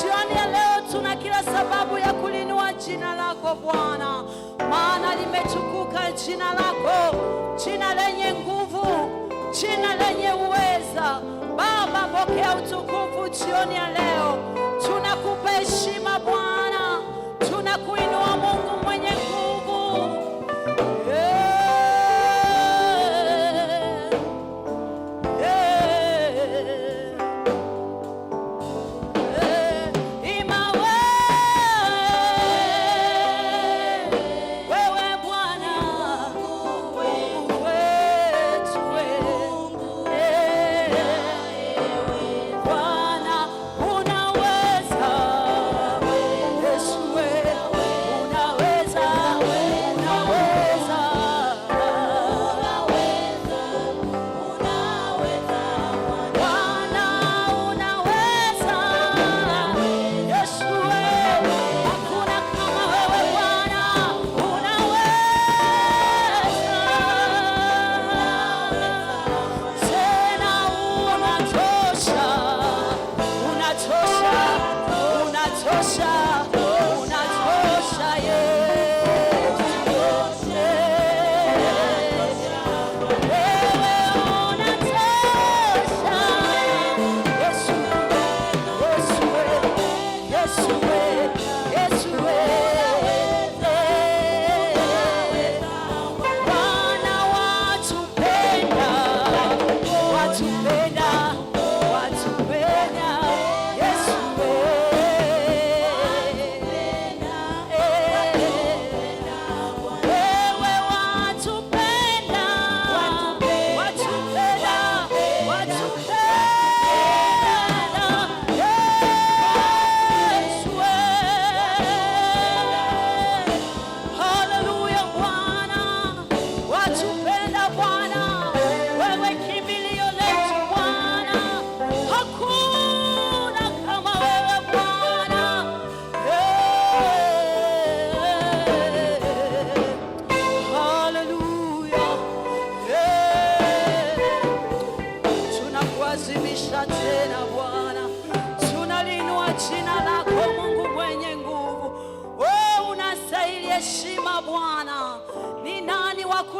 Jioni ya leo tuna kila sababu ya kulinua jina lako Bwana, maana limetukuka jina lako, jina lenye nguvu, jina lenye uweza. Baba, pokea utukufu jioni ya leo, tunakupa heshima Bwana.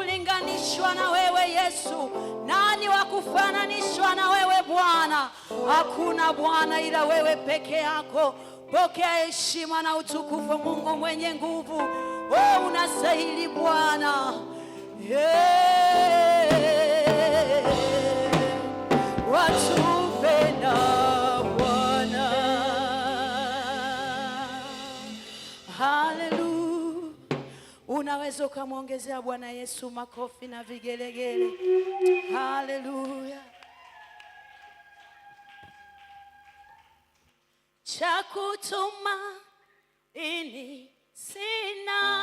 kulinganishwa na wewe Yesu? Nani wa kufananishwa na wewe Bwana? Hakuna Bwana ila wewe peke yako. Pokea heshima na utukufu, Mungu mwenye nguvu. Wewe unastahili Bwana. Yeah. Watu upenda unaweza ukamwongezea Bwana Yesu makofi na vigelegele. Haleluya! cha ini sina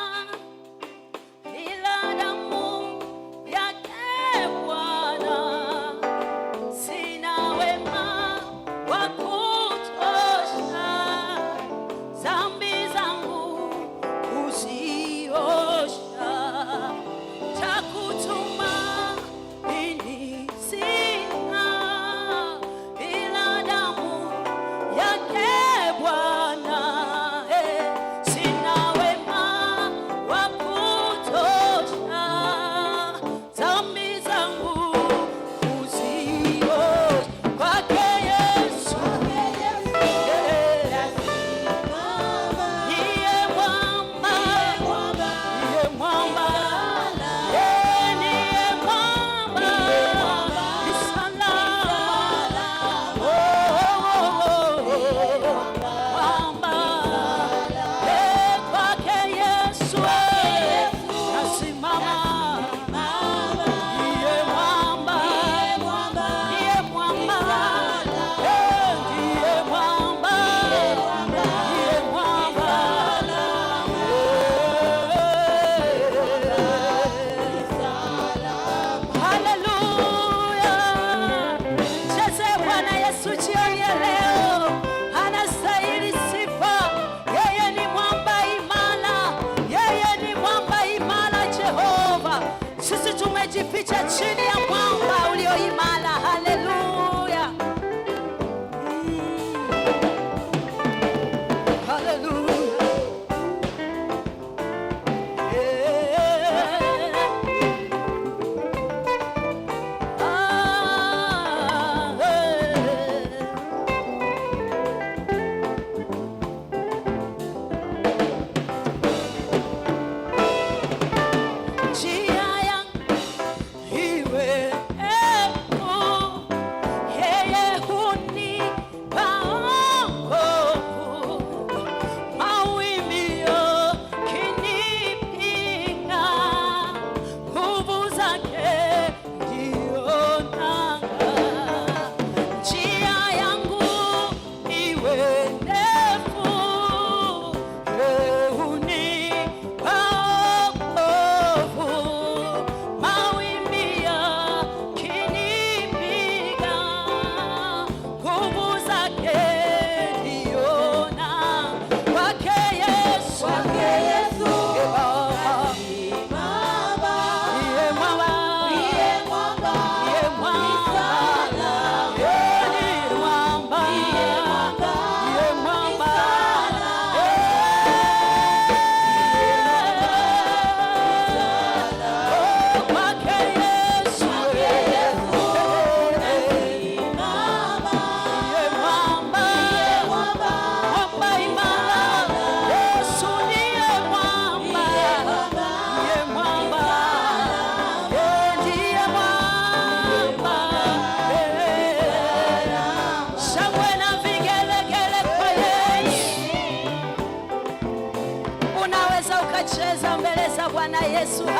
Yesu